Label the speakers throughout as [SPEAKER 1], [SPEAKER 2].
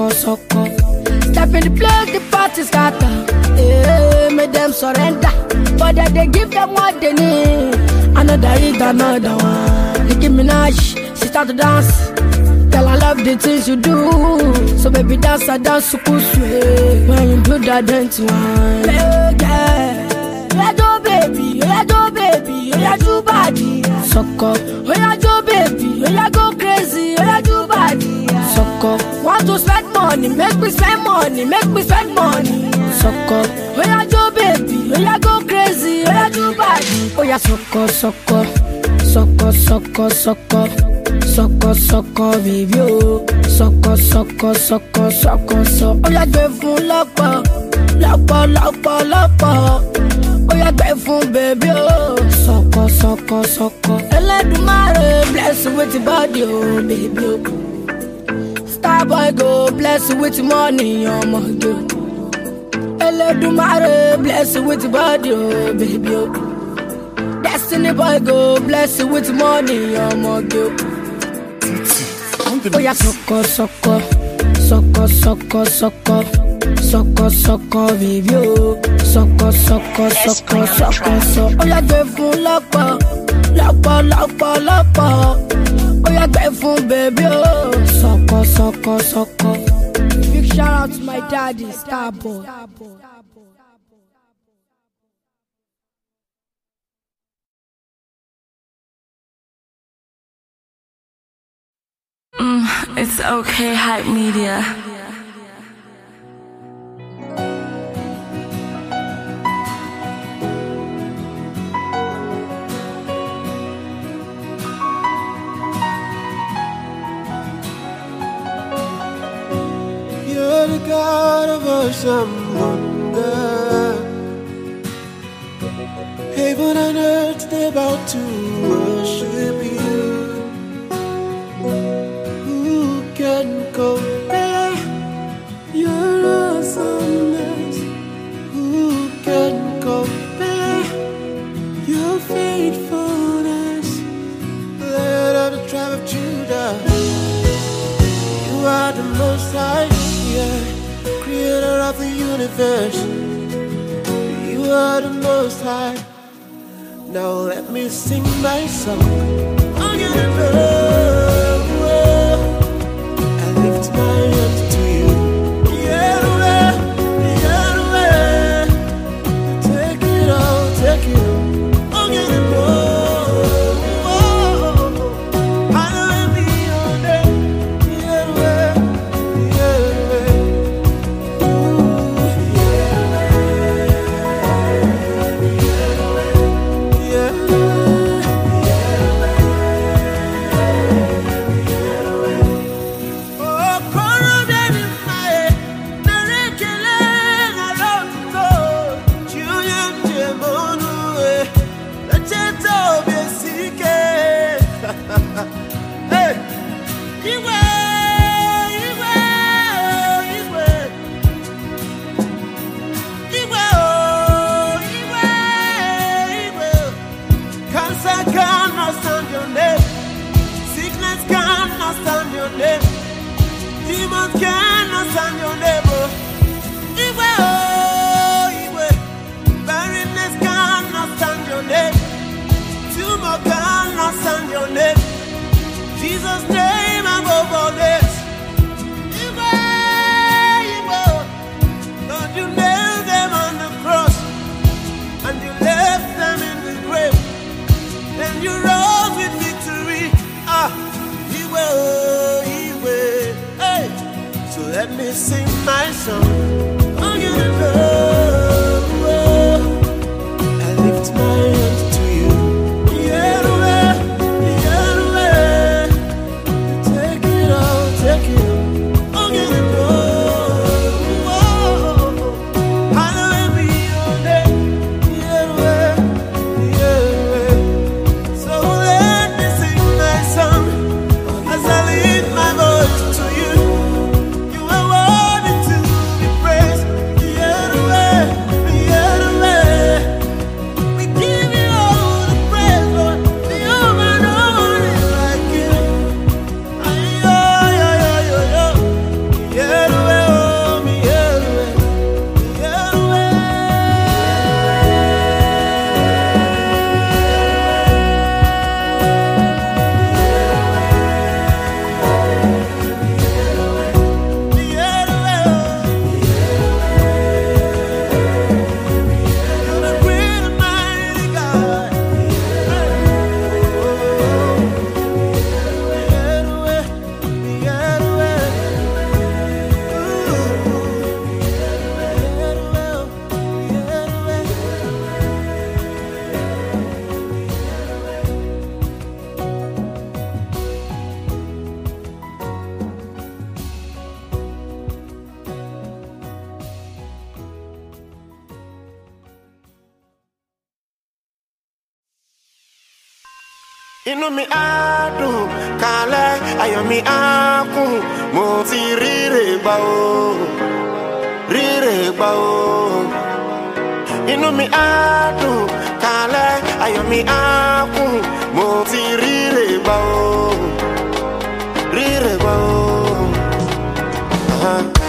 [SPEAKER 1] sọkọsọkọ. Step in the place, the party scatter. Hey, eh, make them surrender. But then they give them what they need. Another hit, another one. Nicki Minaj, she start to dance. Tell I love the things you do. So baby, dance, I dance, so sukusu. When you do that, dance one. Oh yeah. do baby, oyajo baby, oyajo body. Soko. Oyajo baby, oyago crazy, oyajo body. Soko. Want to spend money, make me spend money, make me spend money. Soko, oh yeah, do baby, oh yeah, go crazy, oh yeah, do bad. Oh yeah, soko, soko, soko, soko, soko, soko, soko, baby, oh. Soko, soko, soko, soko, soko. Oh yeah, gbé fun lapa, lapa, lapa, lapa. Oh yeah, gbé fun baby, oh. Soko, soko, soko. Ẹlẹ́dùmarè bless with the body, oh baby, oh. star boy go bless you with money, ọmọge. Oh Elédùmarè bless you with body, oh baby. Oh. Destiny boy go bless you with money, ọmọge. Oh Oya sọkọ sọkọ sọkọ sọkọ sọkọ sọkọ sọkọ baby oh. o sọkọ sọkọ sọkọ sọkọ sọ. Oya gbé fún lọ́pọ̀ lọ́pọ̀ lọ́pọ̀ pẹ́ fún baby, oh, sọkọ sọkọ sọkọ. big shout out to my daddy starboy.
[SPEAKER 2] Mm, it's okay, hype media.
[SPEAKER 3] Some wonder, Heaven and earth, they're about to
[SPEAKER 4] worship. sing my song. I'm gonna Demons cannot stand your oh, cannot stand your name. cannot stand your name. Jesus' name above all names. sing my song.
[SPEAKER 5] inú mi á dùn kálẹ̀ ayọ̀ mi á kún mo ti ríre gbà o ríre gbà o inú mi á dùn kálẹ̀ ayọ̀ mi á kún mo ti ríre gbà o ríre gbà o. Uh-huh.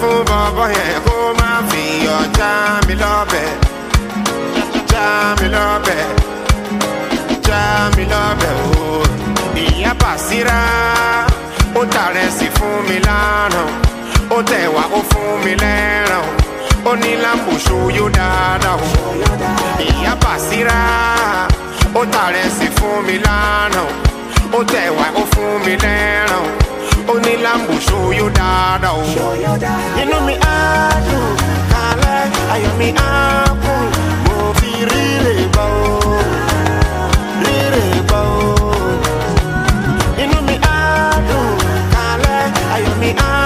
[SPEAKER 5] fún bọ́bọ́ yẹn kó má fi ọjà mi lọ́bẹ̀ já mi lọ́bẹ̀ já mi lọ́bẹ̀ o ìyá Bàsírà ó tààrẹ sí fún mi lánàá ó tẹ̀wá ó fún mi lẹ́ràn ó ní lápò ṣòyó dáadáa o ìyá Bàsírà ó tààrẹ sí fún mi lánàá ó tẹ̀wá ó fún mi lẹ́ràn. Only Lambo show you that oh. Oh. oh. You know me adu
[SPEAKER 4] kala ayo me apu mo fi rire ba o rire ba You know me adu kala ayo me apu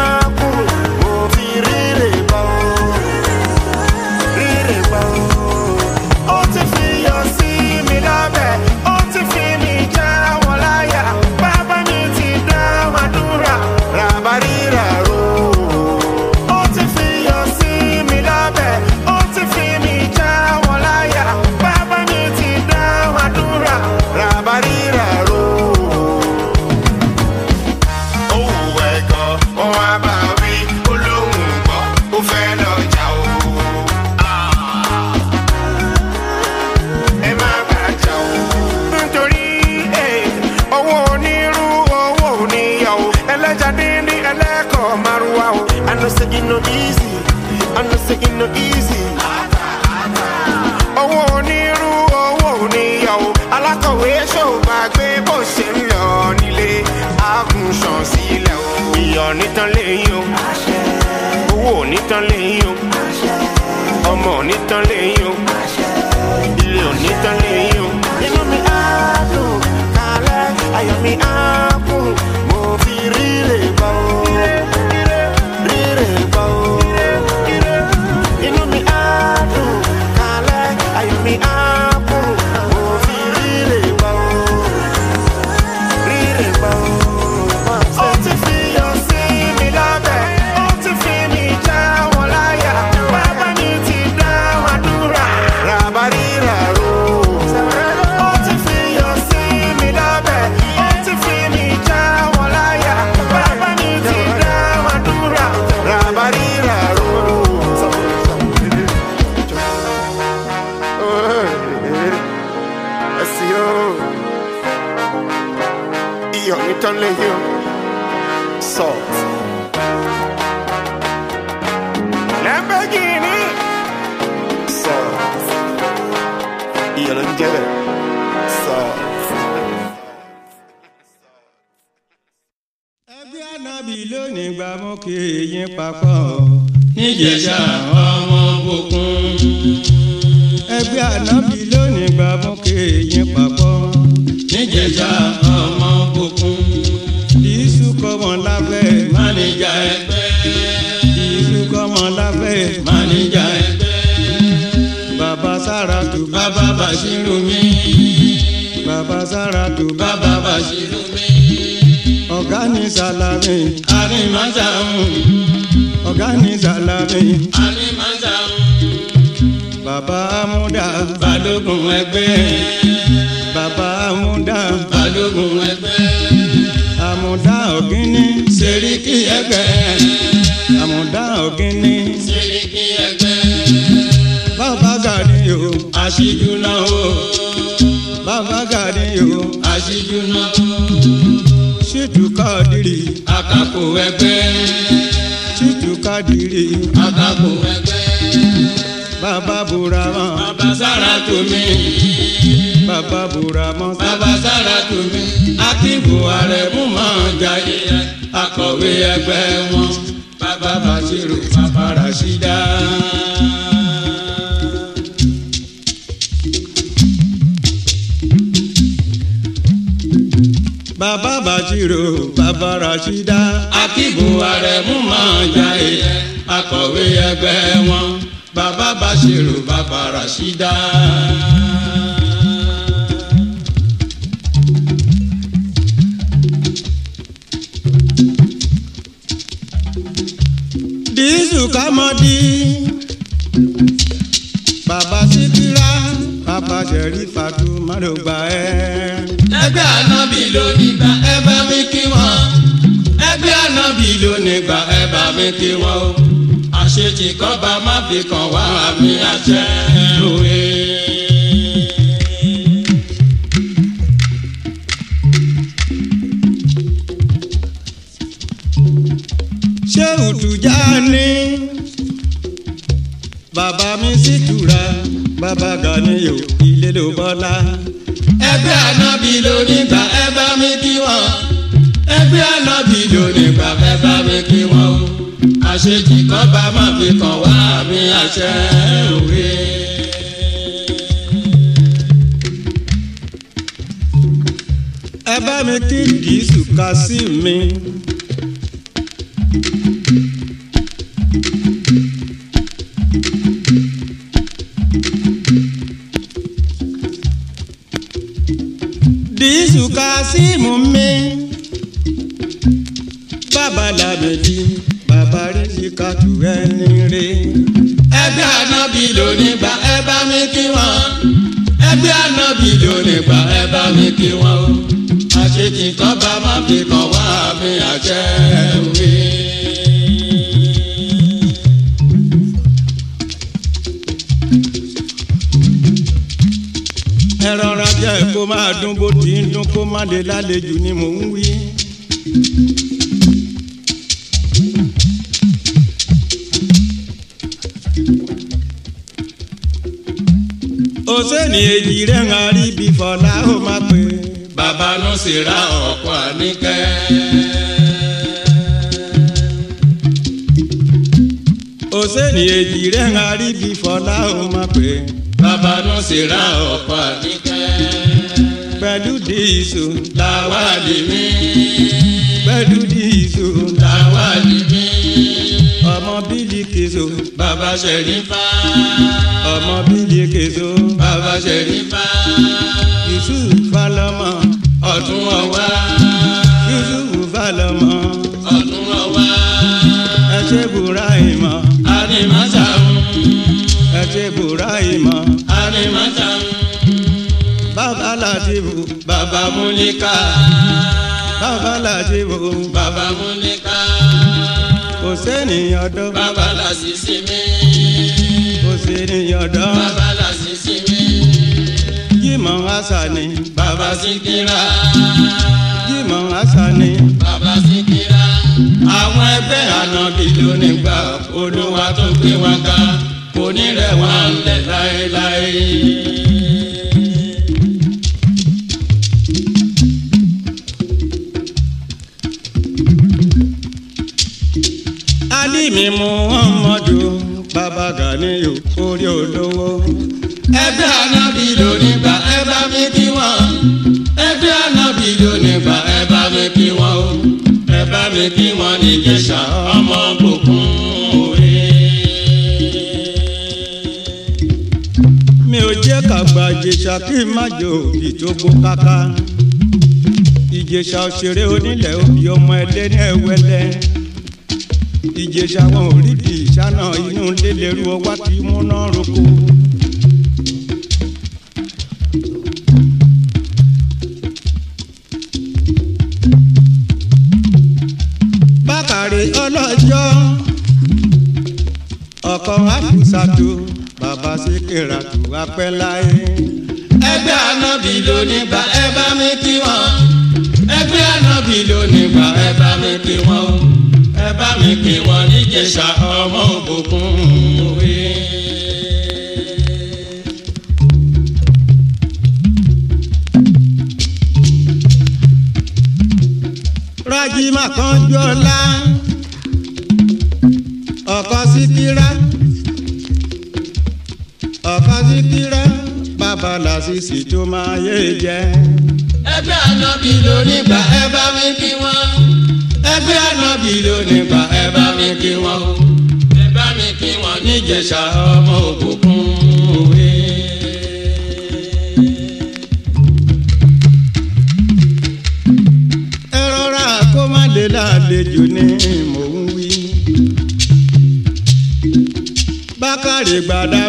[SPEAKER 5] tán lẹ́yìn o ọmọ ò ní tán lẹ́yìn o ilé ò ní tán lẹ́yìn o. inú
[SPEAKER 4] mi á dùn kálẹ̀ ayọ̀ mi á kún mo fi rírè bá o rírè bá o inú mi á dùn kálẹ̀ ayọ̀ mi á.
[SPEAKER 6] atakò ẹgbẹ́. Chitu Kadiri atakò ẹgbẹ́. Bàbá Burama. Bàbá Sara Tomi. Bàbá Burama. Bàbá Sara Tomi. Akíbu Arẹ̀mú máa ń jayé akọ̀wé ẹgbẹ́ wọn. Bàbá Bàṣírù. Bàbá Rashida. bàbá bàjírò bàbá rashida. akíbu arẹ̀mú máa jayé akọ̀wé ẹgbẹ́ wọn bàbá bàṣírò bàbá rashida. dísù kámọ́dí. jẹ̀rí fàdú má ló gbà ẹ́. ẹgbẹ́ ànábì ló ní gbà ẹ bá mi kí wọn. ẹgbẹ́ ànábì ló ní gbà ẹ bá mi kí wọn o. àṣetì má fi kàn
[SPEAKER 7] wá àmì àṣẹ òye.
[SPEAKER 6] ṣé òtújà ni bàbá mi sì tura bàbá Ganiyu ilé ló bọ́lá. ẹgbẹ́ ànábì ló nígbà ẹ bá mi kí wọn. ẹgbẹ́ ànábì ló nígbà ẹ bá mi kí wọn. àṣejì kan bá má fi kàn wá àmì àṣẹ òwe. ẹ bá mi kí dìísù ká sí mi. ìdírísù kásímù mi bàbá làbẹ̀dì bàbá rẹ̀sì kàtù ẹni rè. ẹgbẹ́ ànábì lónìí bá ẹ bá mi kí wọn ẹgbẹ́ ànábì lónìí bá ẹ bá mi kí wọn àṣetì kan bá má fi kàn wá mi àjẹ́ wí. kó máa dún bó ti ń dún kó má lè lálejò ni mò ń wí. òsèlè èjì rẹ̀ ń arí bí fọlá ó máa pè. bàbá ló sì ra ọ̀pọ̀ àníkẹ́. òsèlè èjì rẹ̀ ń arí bí fọlá ó máa pè. bàbá ló sì ra ọ̀pọ̀ àníkẹ́. Bedu disu lawali mi. Bedu disu lawali mi. Ọmọ bídì kezo bàbá Ṣẹ̀rífà. Ọmọ bídì kezo bàbá Ṣẹ̀rífà. Yusuf Falọmọ ọ̀tún ọ̀wá. Yusuf Falọmọ ọ̀tún ọ̀wá. Ẹ ṣe bùrá ìmọ̀. Àdìmọ́sà ń. Ẹ ṣe ìmọ̀. Àdìmọ́sà ń bàbá làdìbò bàbá múníkà bàbá làdìbò bàbá múníkà kò sẹ́niyàn dán bàbá làṣìṣì mi kò sẹ́niyàn dán bàbá
[SPEAKER 4] làṣìṣì mi
[SPEAKER 6] jimọ̀ asani bàbá sikira jimọ̀ asani bàbá sikira àwọn ẹgbẹ́ ànábì ló nígbà olúwa tó gbé wa ga kò ní rẹ̀ wá ń lẹ̀ láéláé. Gàníyù orí olówó. ẹgbẹ́ anábì lónìí bá ẹ bá mi kí wọ́n. ẹgbẹ́ anábì lónìí bá ẹ bá mi kí wọ́n o. ẹ bá mi kí wọ́n ní Ìjẹ̀ṣà ọmọ gbòkun òwe. mi ò jẹ́ kàgbà Ìjẹ̀ṣà kí n má jò ìjókòó káká. Ìjẹ̀ṣà òṣèré onílẹ̀ òbí ọmọ ẹlẹ́ni ẹ̀wẹ́lẹ́ ìjẹsà wọn ò rí di ìṣáná inú lélẹ́rú ọwá tí múná roko. bákàrẹ̀ ọlọ́jọ́ ọkọ̀ àfúsàtò bàbá síkìrà tó wá láyé. ẹgbẹ́ anábì ló nígbà ẹ bá mi kí wọ́n ẹgbẹ́ anábì ló nígbà ẹ bá mi kí wọ́n ẹ bá mi pè wọ́n níjẹ̀ṣà ọmọ òbòkun òwe. rajima kan jọlá ọkọ síkírá ọkọ síkírá bàbá sisi tó máa yé jẹ. ẹgbẹ́ àná bí lórí gbà ẹ bá mi bí wọ́n ẹgbẹ́ ànábì ló nípa ẹ bá mi kí wọn ẹ bá mi kí wọn níjẹ̀ṣà ọmọ òkùnkùn òwe. ẹ rọra kó má lè lálejò ní mò ń wí. bákàrè gbàdá.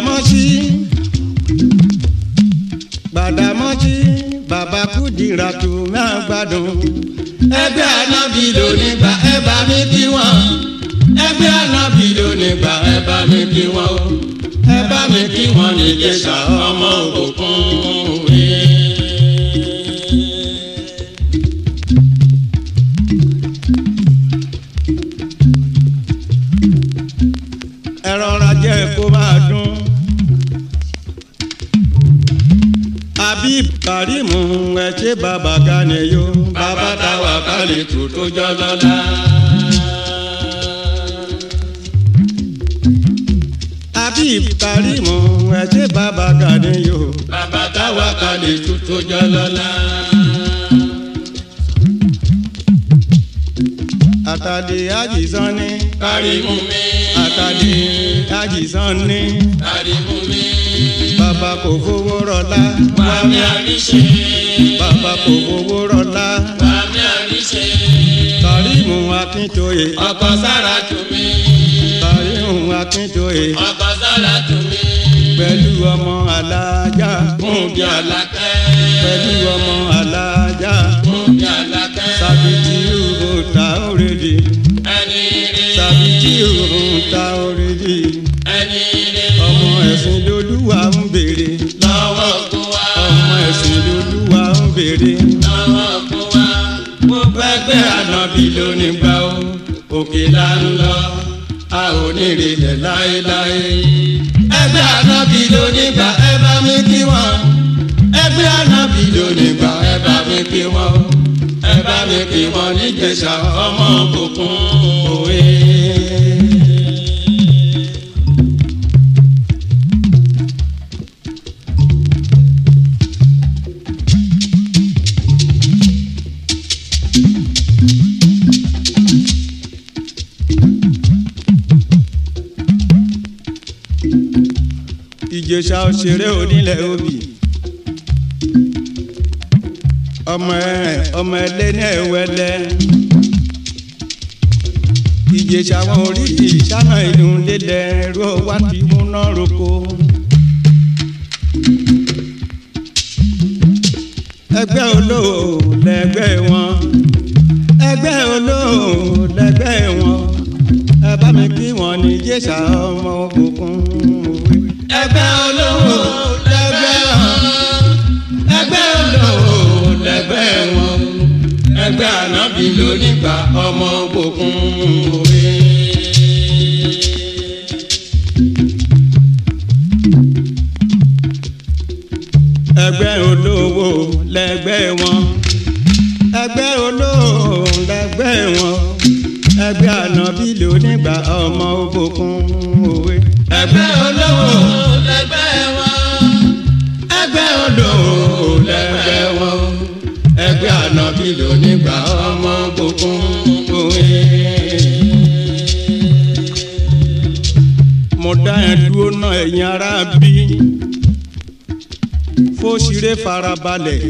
[SPEAKER 6] Krishna akínjòyè. ọkọ sára tù mí. àríhùn akínjòyè. ọkọ sára tù mí. pẹ̀lú ọmọ alájà. múbi alákẹ́. pẹ̀lú ọmọ alájà. múbi alákẹ́. sàbìtì òòtà òrèdè. ẹni rè. sàbìtì òòtà òrèdè. ẹni rè. ọmọ ẹ̀sìn lolúwa ń béèrè. lọ́wọ́ kó wá. ọmọ ẹ̀sìn lolúwa ń béèrè. lọ́wọ́ kó wá. mo bẹ́ẹ̀ gbé ànábì lónìí gbà ó òkè là ń lọ a ò ní ìrìnlẹ̀
[SPEAKER 8] láéláé.
[SPEAKER 6] ẹgbẹ́ anábì lónígbà ẹ bá mi kí wọn. ẹgbẹ́ anábì lónígbà ẹ bá mi kí wọn. ẹ bá mi kí wọn níjẹ̀ṣà ọmọ òkùnkùn òwe. ìjẹsà òṣèré onílẹ̀ obì ọmọ ẹrìn ọmọ ẹlẹ́ ní ẹ̀wẹ́lẹ́ ìjẹsà wọn orí ìṣáná ìlú lélẹ̀ ẹ̀rọ wá ti mú náà roko. ẹgbẹ́ olóò lẹ́gbẹ́ wọn ẹgbẹ́ olóò lẹ́gbẹ́ wọn ẹ bá mi kí wọn ní ìjẹsà ọmọ òkùnkùn lẹ́gbẹ́ olówó lẹ́gbẹ́ wọn ẹgbẹ́ olówó lẹ́gbẹ́ wọn ẹgbẹ́ ànábì lónígbà ọmọ òkun òwe. ẹgbẹ́ olówó lẹ́gbẹ́ wọn ẹgbẹ́ olówó lẹgbẹ́ wọn ẹgbẹ́ olówó lẹgbẹ́ wọn ẹgbẹ́ ànábì lónìí gbà ọmọ gbogbo gbòòyìn. mo dá ẹ dúró náà ẹ̀yin ará bí fóṣìrè farabalẹ̀.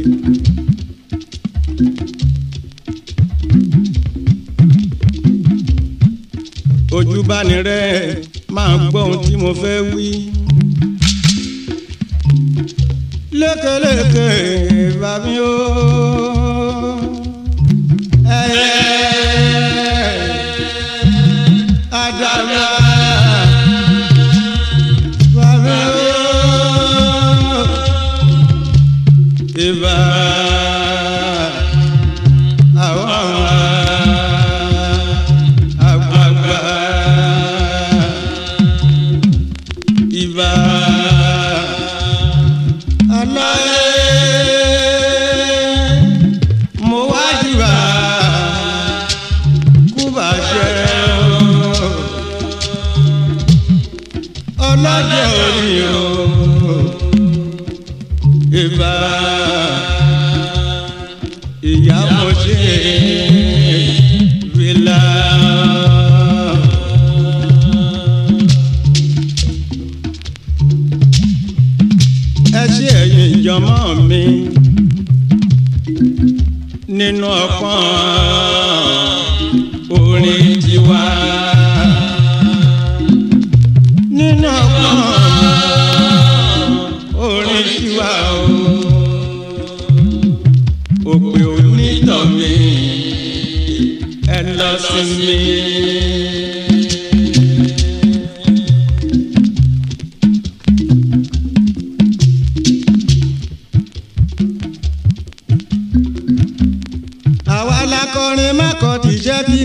[SPEAKER 6] ojú bá ní rẹ̀ máa gbọ́ ohun tí mo fẹ́ wí. lékeleke bàbí o. Hey,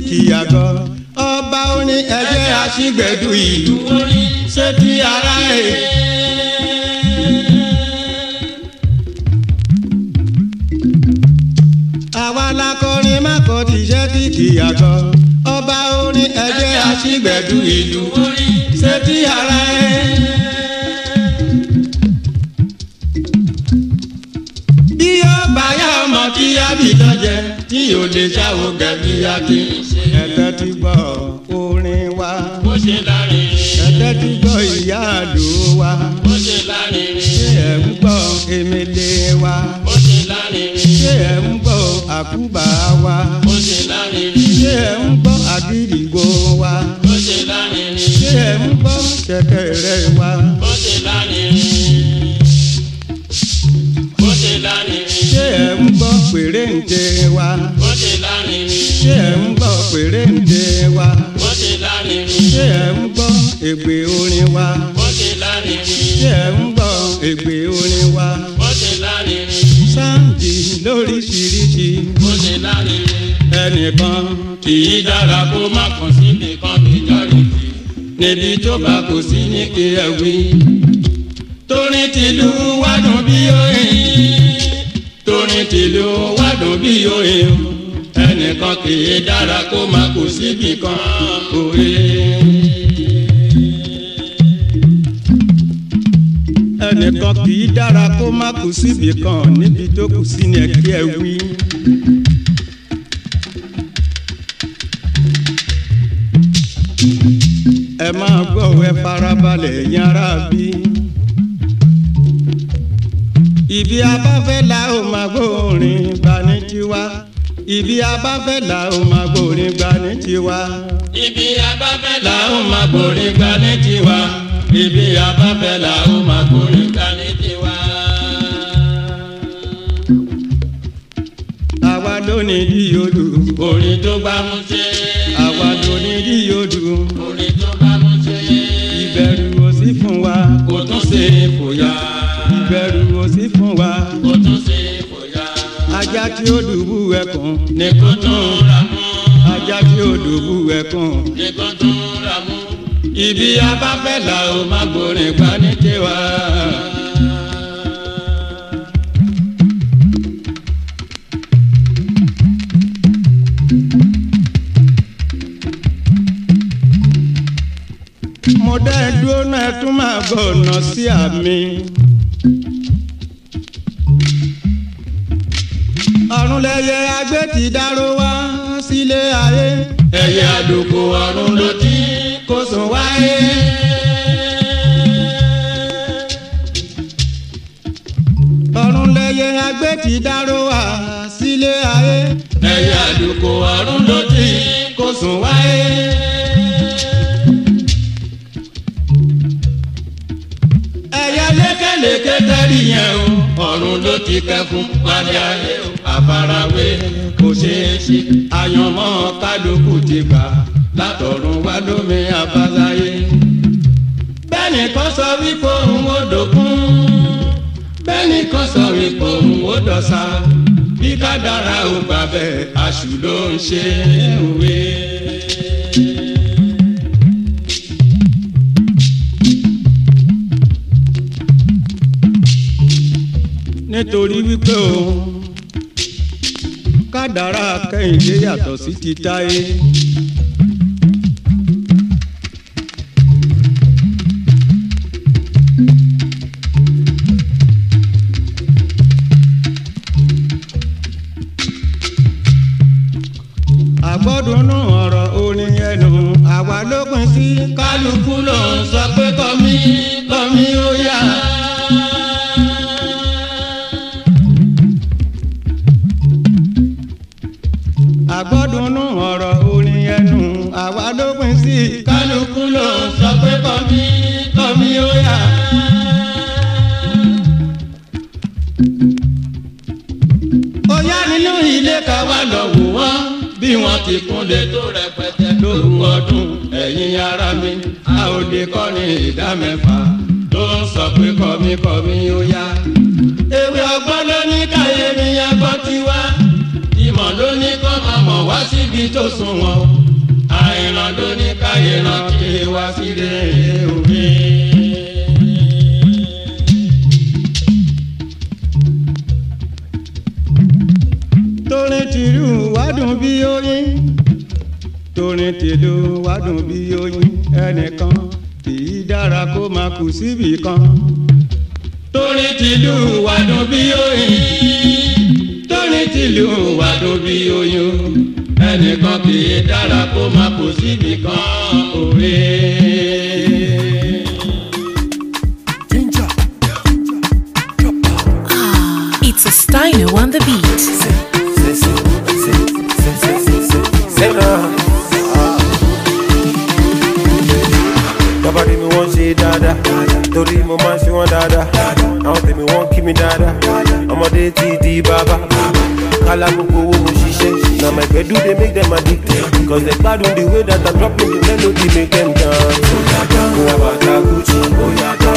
[SPEAKER 6] kí a gbọ́. ọba ó ní ẹgbẹ́ aṣígbẹ̀dù ìlú ṣé ti ara ẹ̀. àwa lakọrin mákọ̀dí ṣé ti kí a gbọ́. ọba ó ní ẹgbẹ́ aṣígbẹ̀dù ìlú ṣé ti ara ẹ̀. bí ọba tí yóò lè ṣàwọ̀ gẹ̀mí yá kí ẹ̀tẹ́ ti gbọ́ orin wa. bó ṣe lárinrin. ẹ̀tẹ́ ti gbọ́ ìyá àlò wa. bó ṣe lárinrin. ṣé ẹ̀ ń gbọ́ emele wa. bó ṣe lárinrin. ṣé ẹ̀ ń gbọ́ àkúbà wa. bó ṣe lárinrin. ṣé ẹ̀ ń gbọ́ àgídìgbò wa.
[SPEAKER 4] bó ṣe lárinrin. ṣé ẹ̀ ń gbọ́
[SPEAKER 6] ṣẹ̀kẹ̀rẹ̀ wa. bó ṣe lárinrin. bó ṣe lárinrin. ṣé ẹ̀ ń gbọ́ pèrèǹtè wa.
[SPEAKER 4] bó ṣe lárinrin ṣé ẹ̀ ń
[SPEAKER 6] gbọ́ péréńdé wa. wọ́n ti
[SPEAKER 4] lárinrin. ṣé ẹ̀
[SPEAKER 6] ń gbọ́ ègbè orin wa. wọ́n ti lárinrin. ṣé ẹ̀ ń gbọ́ ègbè orin wa. wọ́n ti lárinrin. sáǹdì lóríṣiríṣi. wọ́n ti lárinrin. ẹnìkan kì í dára kó má kàn sí nìkan majority. níbi tó bá kò sí ní kí ẹ wí. torí tìlú wádùn bí ó yẹ. torí tìlú wádùn bí ó yẹ ẹnìkan kì í dára kó má kù síbì kan òye. ẹnìkan kì í dára kó má kù síbì kan níbi tó kù sí ni ẹ ẹ wí. ẹ máa gbọ́ ẹ farabalẹ̀ yára bí. ibi abáfẹ́ la ó máa gbóòórìn bá ní tiwa ibi abáfẹ́ là ó máa gbòòrè gbà ní tiwa. ibi abáfẹ́ là ó máa gbòòrè gbà ní tiwa. ibi abáfẹ́ là ó máa gbòòrè gbà ní tiwa. àwa ló ní yíyodù. orin tó bá mú ṣe. àwa ló ní yíyodù. orin tó bá mú ṣe. ìbẹ̀rù ò sí fún wa. kò tún ṣe é fòyà. tí ó dùbú ẹkùn nìkan tó ra mú. ajá tí ó dùbú ẹkùn nìkan tó ra mú. ibi abáfẹ́ là ó má gbórin pa ní tiwa. mo dẹ́ dúró náà tún máa bọ̀ ọ̀nà sí àmì. ọ̀run lẹyẹ agbẹ́tì dáró wá sílé ayé. ẹyẹ àdókò ọ̀run ló ti kó sùn wáyé. ọ̀run lẹyẹ agbẹ́tì dáró wá sílé ayé. ẹyẹ àdókò ọ̀run ló ti kó sùn wáyé. ẹyẹ lékeleke tẹ́lẹ̀ yẹn o ọ̀run ló ti kẹ́ fún pàdé ayé o àfarawé kò ṣeé ṣe àyànmọ́ kálukú ti gbà látọ̀run wá lómi àbáláyé. bẹ́ẹ̀ni kan sọ wípé òun ò dòkun bẹ́ẹ̀ni kan sọ wípé òun ò dọ̀sà bí kádàrá ò gbà bẹ́ẹ̀ àṣù ló ń ṣe òwe. nítorí wípé òun kádàrá kẹ́hìndé yàtọ̀ sí ti táyé.
[SPEAKER 9] It's a Steino on the beat.
[SPEAKER 10] Nobody me want say dada, Don't leave my man she want dada. Àwọn me wọ́n keep me dada, I'm a D.T.D. bàbá. Kálá gbogbo owó mo ṣiṣẹ́, na my gbedu they make them addicted. Cause they gbádùn the way that i drop dropping the melody make them dance. Kò àbàtà Gucci.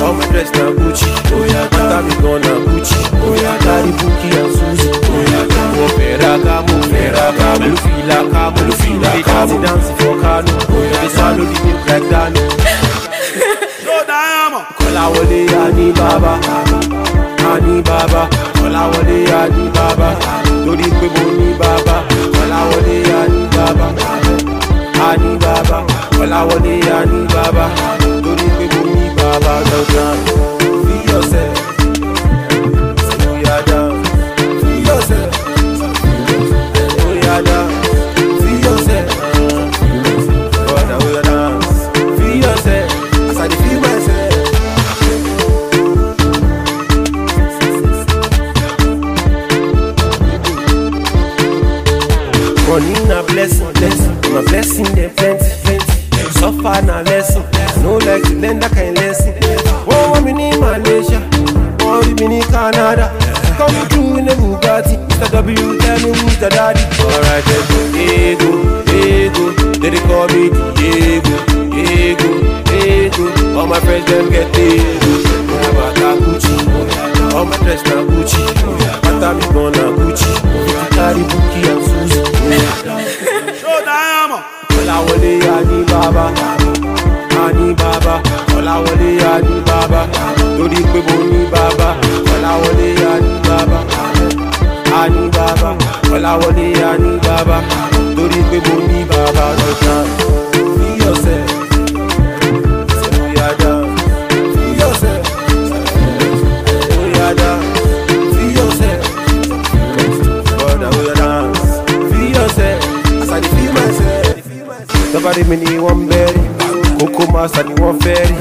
[SPEAKER 10] Always dressed in Gucci. Oh yeah, Tommy gone na Gucci. Oh yeah, carry Buki and Susie. Oh yeah, go Fera Cabo, Fera Cabo, Lufila Cabo, Lufila Cabo. They dance for Kano. Oh yeah, they swallow the milk like Dano. Kọ́láwọlé Ani Baba, Ani Baba, Kọ́láwọlé Ani Baba, lórí pé mo ní bàbá. Kọ́láwọlé Ani Baba, Ani Baba, Kọ́láwọlé Ani Baba. about your ground. Be yourself. So we are yourself. we are yourself. yourself. feel blessing, blessing. My blessing they plenty. Suffer na lesson. No like to learn that kind lesson. Oh, I'm in Malaysia. Oh, I'm in Canada. Come to through in a Bugatti. Mr. W, tell me who's the daddy. Alright, let's go. Ego, ego. They call me Diego, Diego, Diego. All my friends, them get Diego. All my friends na Gucci, Pata mi gun na Gucci, I Gucci. Carry Buki and Susie Kọ́láwọlé Adébábá Adébábá Kọ́láwọlé Adébábá torí pé mo ní bàbá Kọ́láwọlé Adébábá Adébábá Kọ́láwọlé Adébábá torí pé mo ní bàbá lọ́jà. Sogari mini one berry Coco mass and one ferry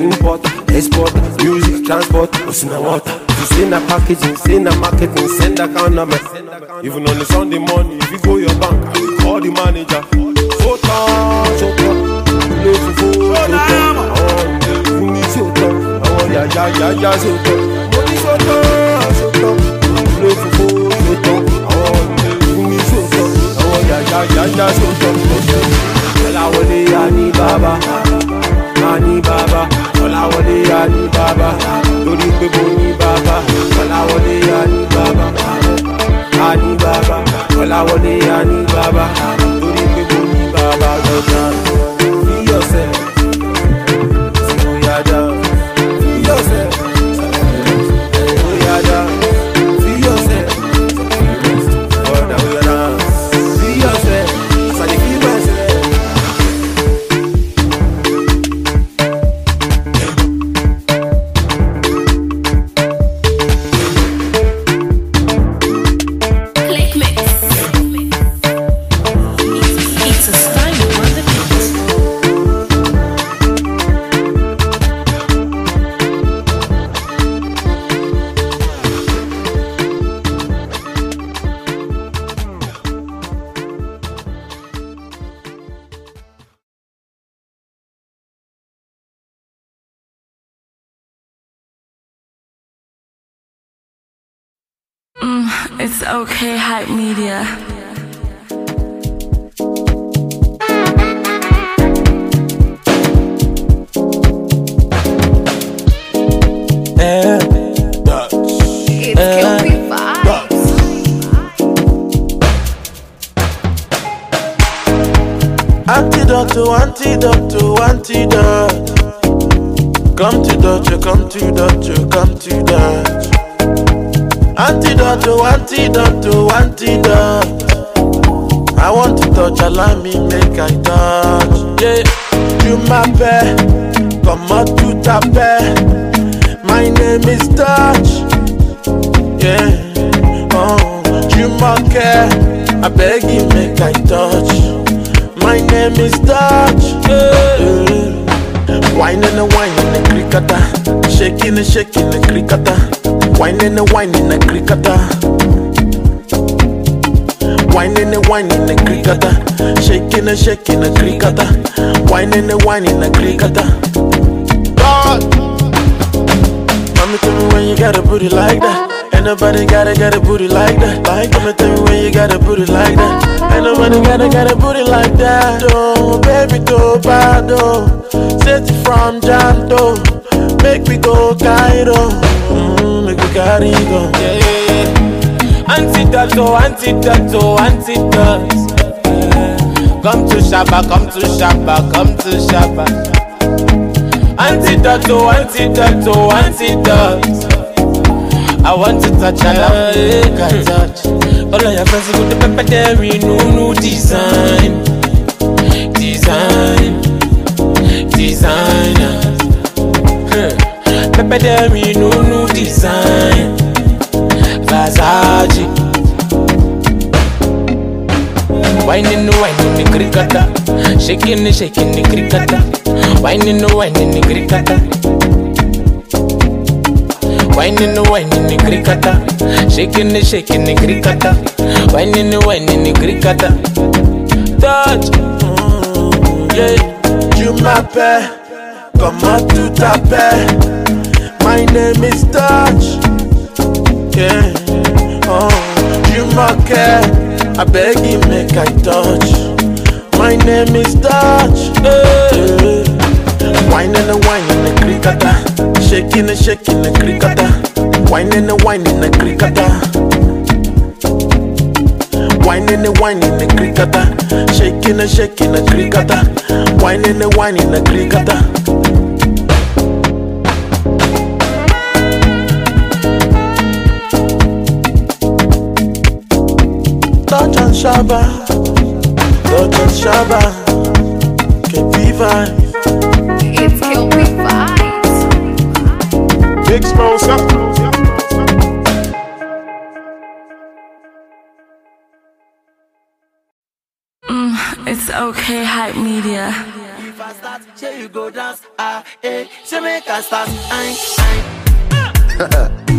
[SPEAKER 10] Import, export, music, transport, ocean water You a packaging, send a marketing, send a counterman Even on the Sunday morning, if you go your bank I will call the manager So tall, so tall Ilé fufu, so so tall Àwọn yàyà yàyà so tall so tall, so tall Ilé fufu, so so tall Àwọn yàyà yàyà so tall Ọláwọlé àní bàbá àní bàbá Ọláwọlé àní bàbá lórí pé mo ní bàbá Ọláwọlé àní bàbá àní bàbá Ọláwọlé àní bàbá lórí pé mo ní bàbá gbọ̀ngàn.
[SPEAKER 8] It's okay, hype media.
[SPEAKER 7] Antidote antidote antidote. Come to Dutch, come to Dutch, come to Dutch. Antidote, oh, antidote, oh, antidote. I want to touch, allow me make I touch. Yeah, you my pair, come out to tape. My name is Touch. Yeah, oh, you my care, I beg you make I touch. My name is Touch. Yeah. Wine and a wine and a crickata, shaking and shaking and crickata. Wine and a wine in a cricketer. Wine and a wine in a cricketer. Shaking and shaking a cricketer. Wine and a wine in a cricketer. God! Mommy, tell me when you got a booty like that. Ain't nobody gotta got a booty like that. Like, i tell me when you got a booty like that. Ain't nobody gotta got a booty like that. Oh, baby, do bado. Set it from Janto. Make me go Cairo. Mm make you carry Yeah, yeah, yeah. Antidote, oh, antidote, oh, antidote. Yeah. Come to Shabba, come to Shabba, come to Shabba. Antidote, oh, antidote, oh, antidote. I want to touch I touch. All of your friends go to Pepe dairy, no new design, design, designer. Huh me, no new design. Versace. Whining, whining, the Shaking, shaking, the Whining, whining, the Whining, whining, the Shaking, shaking, the Whining, whining, the Touch. Mm, yeah. Tu m'appelles, comment tout t'appelles? My name is Dutch, Yeah, oh, you market. I beg you, make I touch. My name is Dutch. Hey. Wine and a wine and a cricketer. Shaking and shaking a cricketer. Wine and a wine and a cricketer wine and a wine in a cricketer, shaking and shaking a cricketer, Wine and a wine in a cricketer. Shaba, Shaba, KP Vibes. It's KP Vibes.
[SPEAKER 8] Big Small mm, It's okay, hype media. If
[SPEAKER 11] I start, say you go dance. Ah, eh, say make I start. Aye, aye.
[SPEAKER 12] Uh-uh.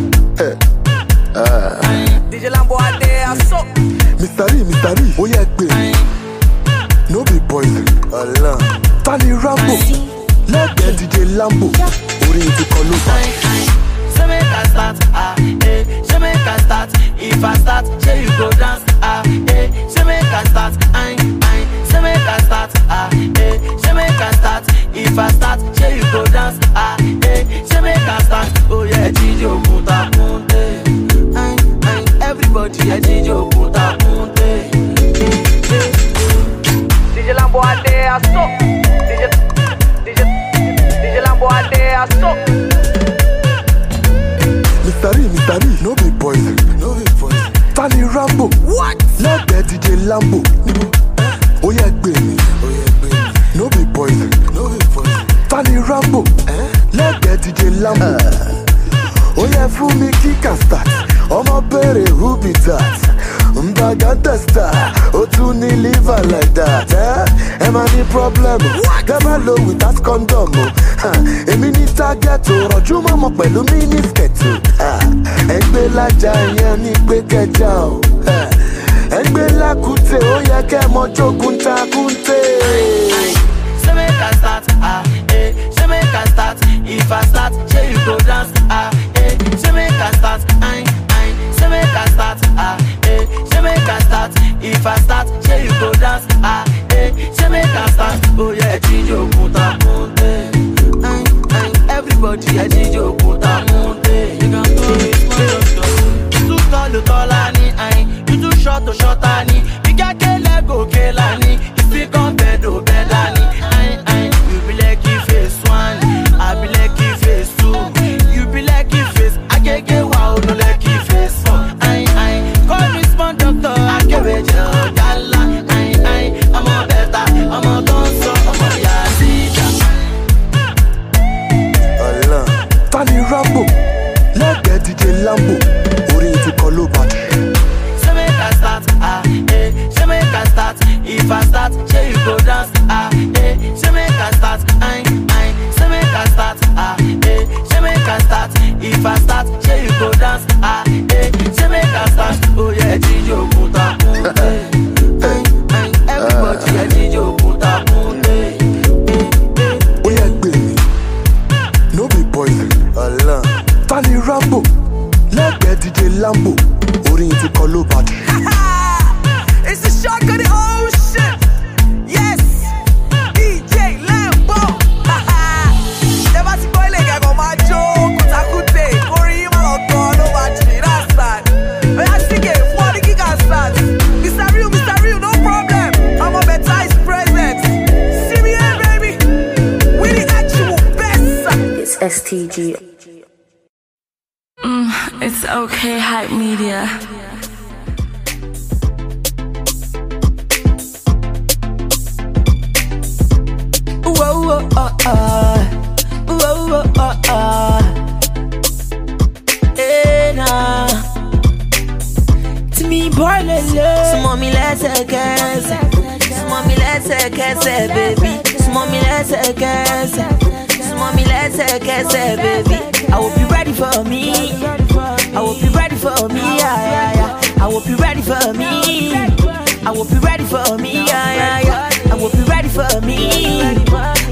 [SPEAKER 13] will be ready for me. I will be ready for me.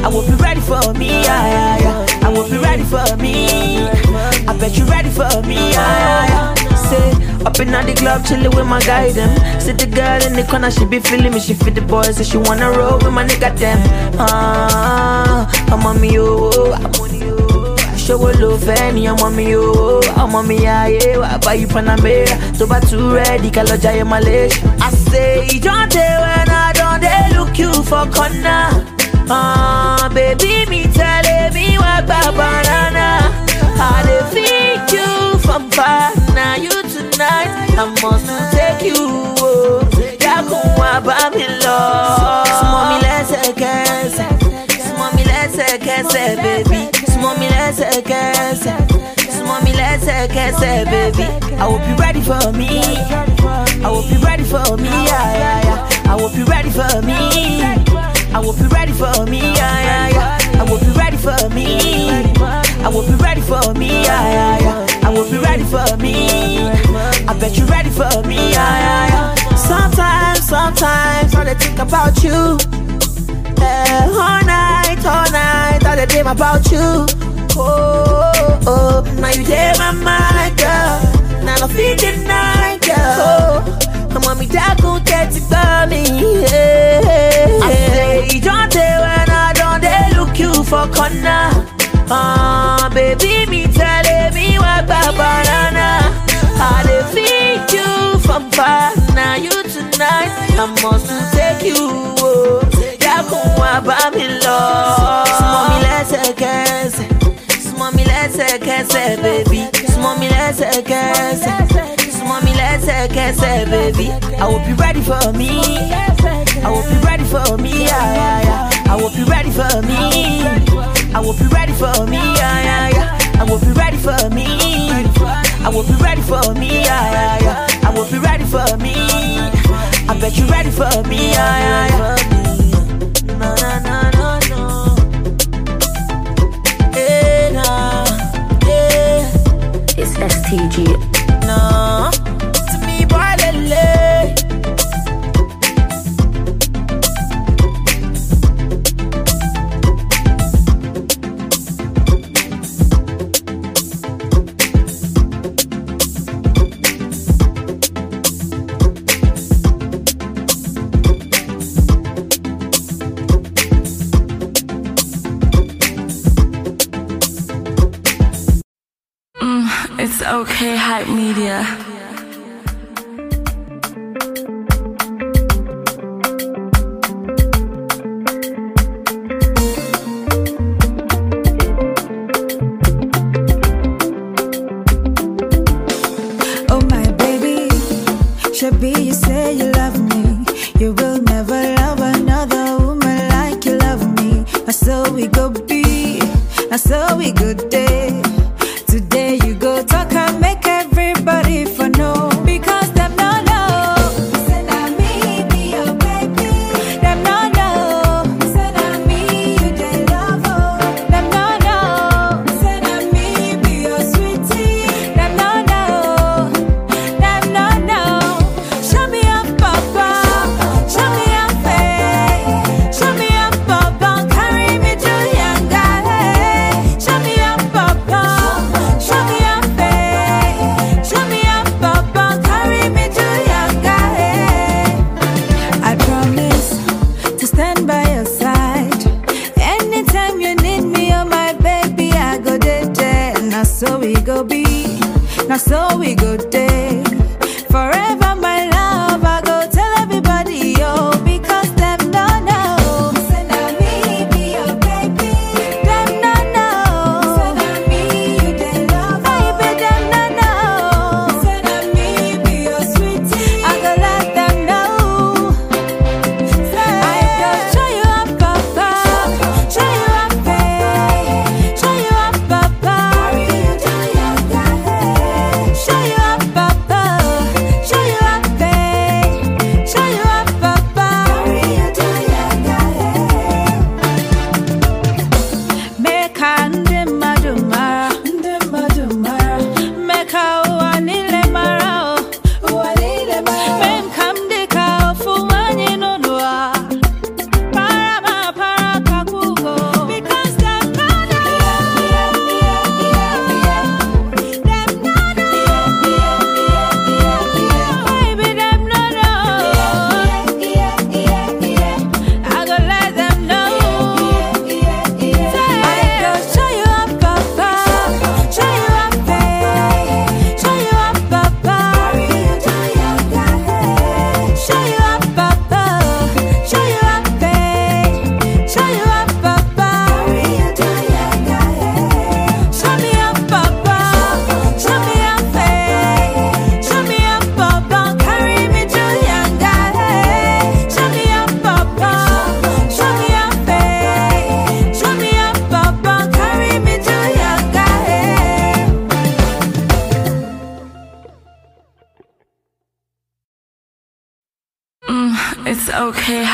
[SPEAKER 13] I will be ready for me. I will be ready for me. I bet you ready for me. Say. Up in the club, chillin' with my guy them. See the girl in the corner, she be feelin' me. She fit the boys, and she wanna roll with my nigga them. Ah, I'm on me, oh, I'm on you. Show a love, any, I'm on me, oh, I'm on me, yeah, yeah. Why buy you Panamera? So bad too ready, Kaloja, yeah, Malaysia say don't dey when i don't dey look you for corner ah baby me tell me why banana i dey you from far now, you tonight i must take you o dákun wá bá mi lọ. súnmọ́ mi lẹ́sẹ̀kẹsẹ̀ súnmọ́ mi lẹ́sẹ̀kẹsẹ̀ bèbí súnmọ́ mi lẹ́sẹ̀kẹsẹ̀ mommy, let's say, can't say, baby. I will be ready for me. I will be ready for me, yeah, yeah, yeah. I will be ready for me. I will be ready for me, yeah, yeah, yeah. I will be ready for me. I will be ready for me, yeah, yeah, yeah. I will be ready for me. I bet you're ready for me, yeah, yeah, yeah. Sometimes, sometimes, all I think about you. Yeah, all night, all night, all I dream about you oh, oh, Now you there, my mind, girl. Now I feel the night, girl. Oh, I'm on me, that go get it, darling. Yeah. I say, don't day when I don't They look you for corner. Ah, uh, baby, me tell me what banana. I dey you from far. Now you tonight, I must take you. Oh. laisse, baby. Small me laisse, guess. Small me laisse, guess, baby. I will be ready for me. I will be ready for me. Yeah, yeah, yeah. I will be ready for me. I will be ready for me. Yeah, yeah, yeah. I will be ready for me. I will be ready for me. Yeah, yeah, yeah. I will be ready for me. I bet you ready for me. 第一集。
[SPEAKER 8] Okay, Hype Media.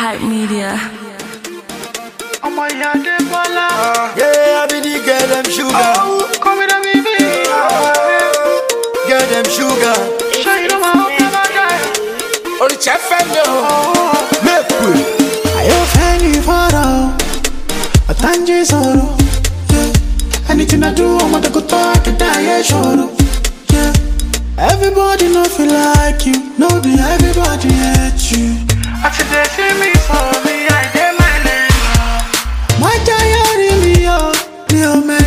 [SPEAKER 8] Hype Media.
[SPEAKER 3] Oh my, Uh,
[SPEAKER 8] yeah, I be the
[SPEAKER 12] girl them sugar. Oh,
[SPEAKER 8] come with me, baby.
[SPEAKER 12] girl them sugar. Show you my guy.
[SPEAKER 14] Only chef and oh. Make way.
[SPEAKER 3] I offend you for all. I thank you sorrow.
[SPEAKER 14] Yeah. Anything I
[SPEAKER 3] do, I'm gonna go talk to die. Sure. Yeah. Everybody know feel like you. Nobody, everybody
[SPEAKER 4] hate you.
[SPEAKER 3] Mata yori mi yo, me. o me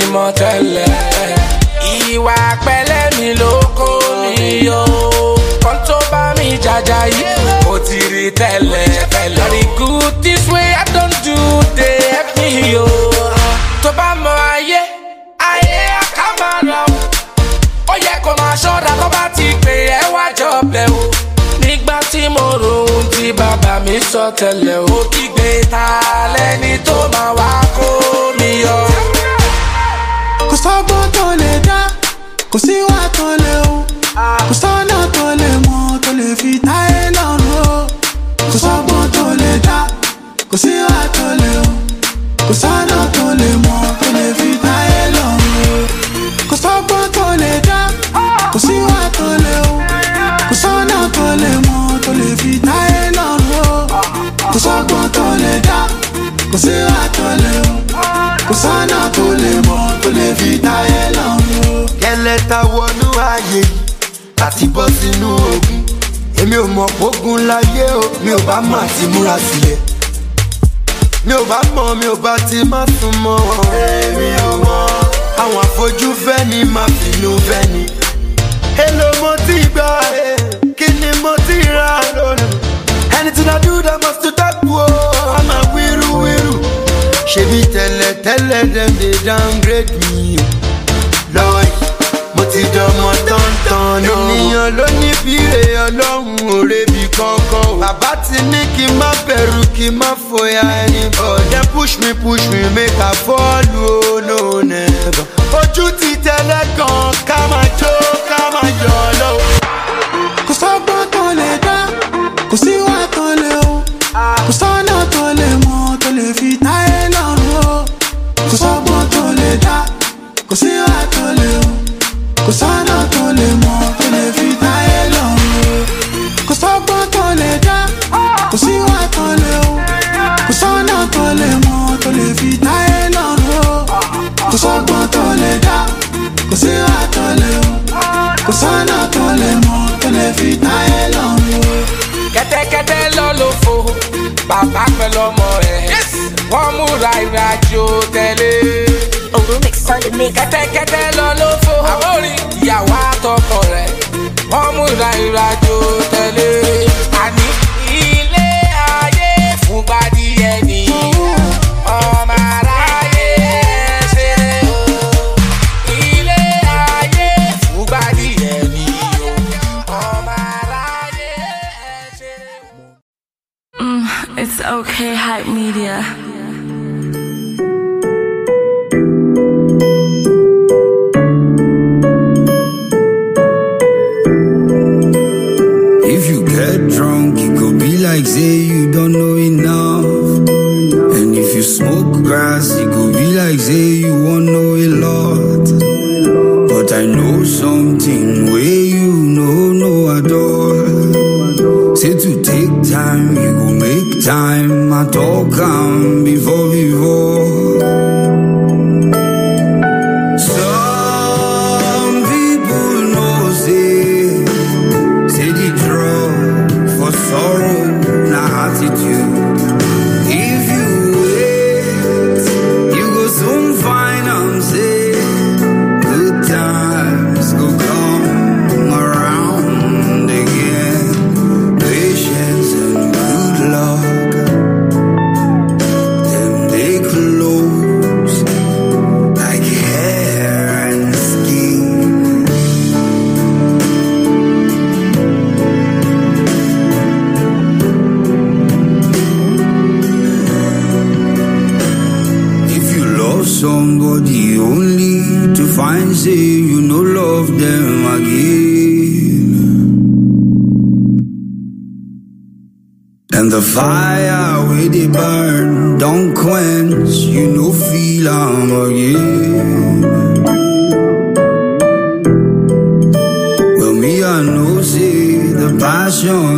[SPEAKER 14] ti mọ̀ tẹ́lẹ̀. Ìwà pẹ̀lẹ́ mi ló kó mi yọ. Kan tó bá mi jaja. yìí, mo ti rí tẹ́lẹ̀ tẹ́lẹ̀. Lọ́rí good this way I don do dey help me yo. Tó bá mọ ayé, ayé àká máa ra o. Ó yẹ kó máa ṣọ́ra tó bá ti pè ẹ́ wájọ bẹ̀ o. Nígbà tí mo rò ohun tí bàbá mi sọ tẹ́lẹ̀ o. Ó kígbe ta lẹ́ni tó máa wá kó mi yọ
[SPEAKER 3] sọ́gbọ́n tó lè dá kò síwá tó lè hù kò sọ́nà tó lè mọ̀ tó lè fi táyé lọ́rùn o kò sọ́gbọ́n tó lè dá kò síwá tó lè hù kò sọ́nà tó lè mọ̀ tó lè fi táyé lọ́rùn o kò sọ́gbọ́n tó lè dá kò síwá tó lè hù kò sọ́nà tó lè mọ̀ tó lè fi táyé lọ́rùn o kò sọ́gbọ́n tó lè dá kò síwá tó lè hù.
[SPEAKER 12] ta wọnú ààyè àti bọ́ sínú ogun èmi ò mọ̀ pógun láyé o mi ò bá mà ti múra sílẹ̀ mi ò bá mọ̀ mi ò bá ti má sún mọ́ èmi ò mọ̀ àwọn àfojú fẹ́ni máa fìlú fẹ́ni èlò mo ti gbà kí ni mo ti ra lónìí anything I do that must to talk o àmà wíruwíru ṣèbí tẹ́lẹ̀tẹ́lẹ̀ dem dey downgrade me mo ti dọmọ tọ́ntọ́n náà. ènìyàn ló ní bí ọlọ́run ò rebi kankan o. bàbá ti ní kí n má bẹ̀rù kí n má fòyà ẹni bọ̀. dem push me push me make i fall o oh, no never. ojú ti tẹ́lẹ̀ gan ká máa.
[SPEAKER 14] ọmọ ẹ̀ wọ́n múra ìrìnàjò tẹ̀lé. òru mix sunday mix. kẹ́tẹ́kẹ́tẹ́ lọ ló fò. àbórí ìyàwó àtọkọ rẹ̀ wọ́n múra ìrìnàjò
[SPEAKER 15] the fire we did burn, don't quench, you know, feel I'm again. Well, me, I know, see the passion.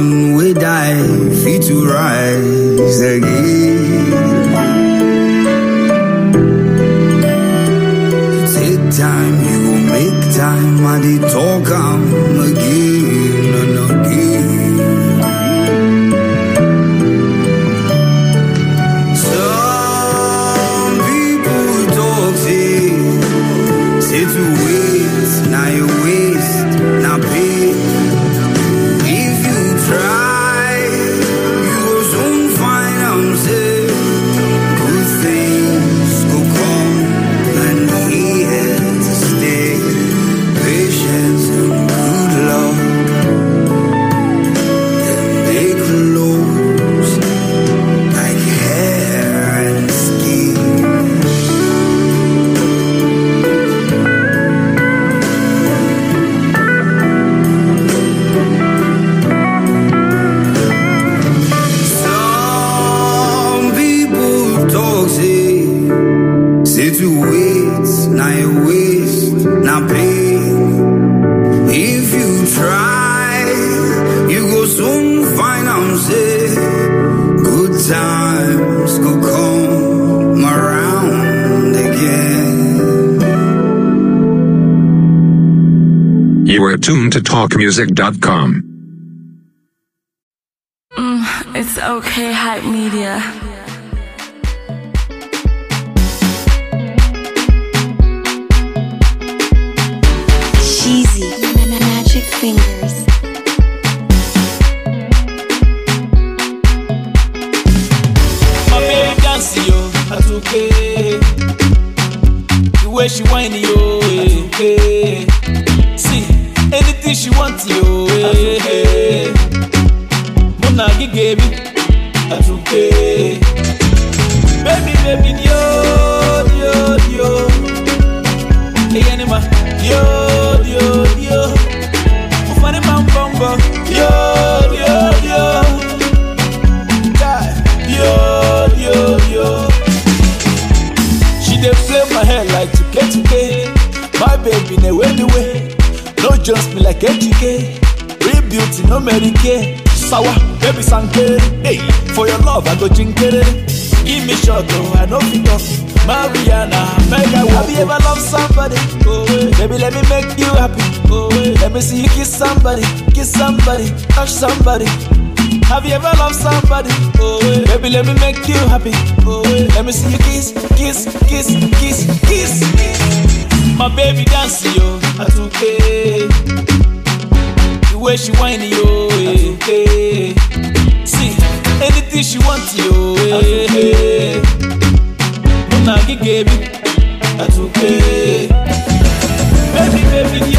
[SPEAKER 14] talkmusic.com.
[SPEAKER 16] somebody. Oh, Baby, let me make you happy. Oh, let me see you kiss somebody, kiss somebody, touch somebody. Have you ever loved somebody? Oh, Baby, let me make you happy. Oh, let me see you kiss, kiss, kiss, kiss, kiss. My baby dance yo, that's okay. The way she whine yo, that's okay. See, anything she wants, yo, that's eh, okay. Eh. Muna gige baby. àtúnké. bébí baby, ni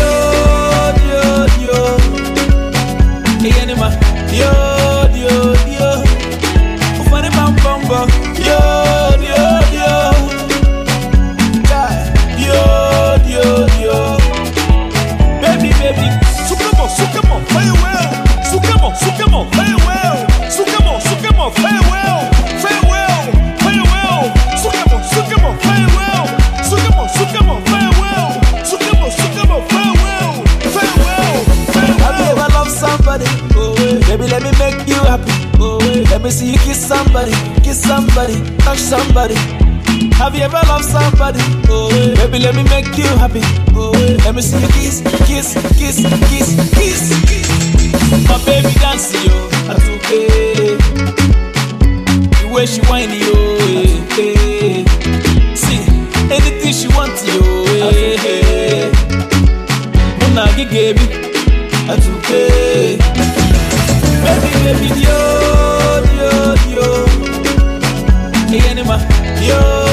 [SPEAKER 16] me see you kiss somebody, kiss somebody, touch somebody. Have you ever loved somebody? Oh, baby, let me make you happy. Oh, let me see you kiss, kiss, kiss, kiss, kiss. My baby dance yo, atuke. The way she whine yo, eh, eh. see anything she wants yo, eh, eh. Muna I bi, atuke. Baby, baby yo. yo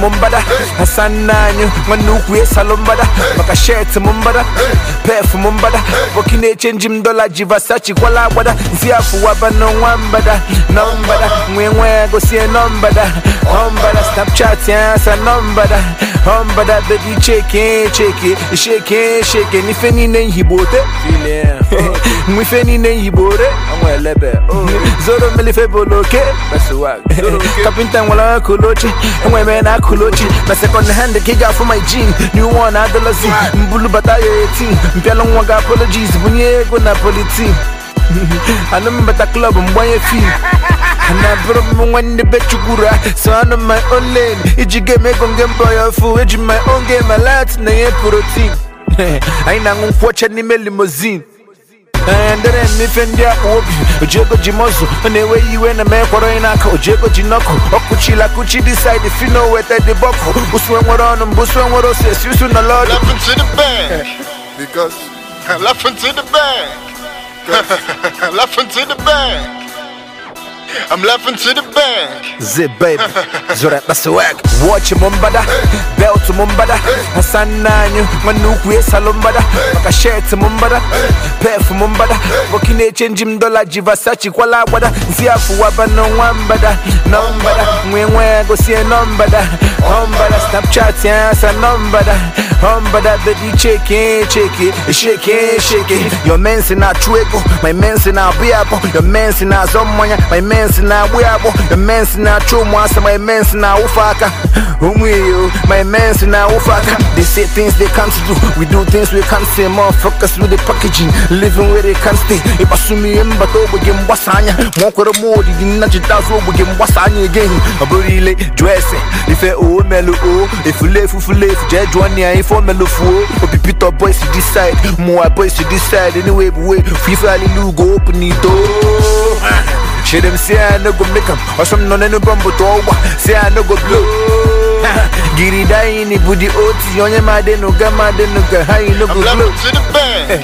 [SPEAKER 9] Mumbada. I sananyu manuku yesalombada makashete mumbada pefu mumbada vokinechenji mdola jivasachi kwalabwada nziafu wabanonwambada nombada mwemwego number nombada ombada snapchat yansa nombada ombada bebi cheke cheke sheke sheke nifenine nyibote mwifenine nyibote zoro melife boloke kapinta nwala kolochi enweme na kolochi mesekona na hand ka ị ga-afụ my gin new one adolazi mbulubata ya 18 eti nwa gị apologies bunye ego na politin anụmbata klọb mgbanye fim na bụrụ m nwanne be chukwura so anụ my own lane iji game ego ngem mbọ ya ofu eji my own game alat na-enye protein anyị na-aṅụ nkwọcha n'ime limozin ndere mmefe ndị akpa obi ojego mozu ọ na-enweghị iwe na mee kwọrọ n'aka ojego nọkụ ọkụchila kụchi dị saịdị fino weta dị bọkụ usu nwere ọnụ mbụ usu nwere osi esi usu nọ lọdụ Because I'm laughing to
[SPEAKER 12] the bank. Eh. Laughing to the bank. I'm laughing to the bank.
[SPEAKER 9] Zip baby, that's zora baswag. Watch mumbada, bell to mumbada. Hasananyu, manuku yesalumbada. Maka share to mumbada, pay for mumbada. Working a change him dollar jivasachi kwala wada. Ziafu wabano wambada, numbada. Mwenwe go see a numbada. Umbada, Snapchat yes a numbada. Umbada, baby, check it, check it, shake it, shake it. Your men's in our chuego, eh, my men's in our biapo. Your men's in our zomanya, my men's immense na weabo immense na chumwasa my immense na ufaka umwiyo my immense na ufaka they say things they can't do we do things we can't say motherfuckers with the packaging living where they can't stay If ibasumi mbato obuge mbasanya mokwere modi dinna chitazo obuge wasanya again aburile dresse ife o melo o ifule fufule a joani ai fo melo fuo obipito boys to this side more boys to this side anyway way fifa lugo open the door she them say I no go make them Or some no no bumbo to owa Say I no go blow Giri die in the booty oti ma de no ga de no ga How you no go blow I'm laughing to the bank eh.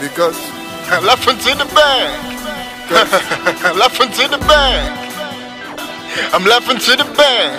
[SPEAKER 12] Because I'm laughing to the bank I'm laughing to the bank I'm laughing to the bank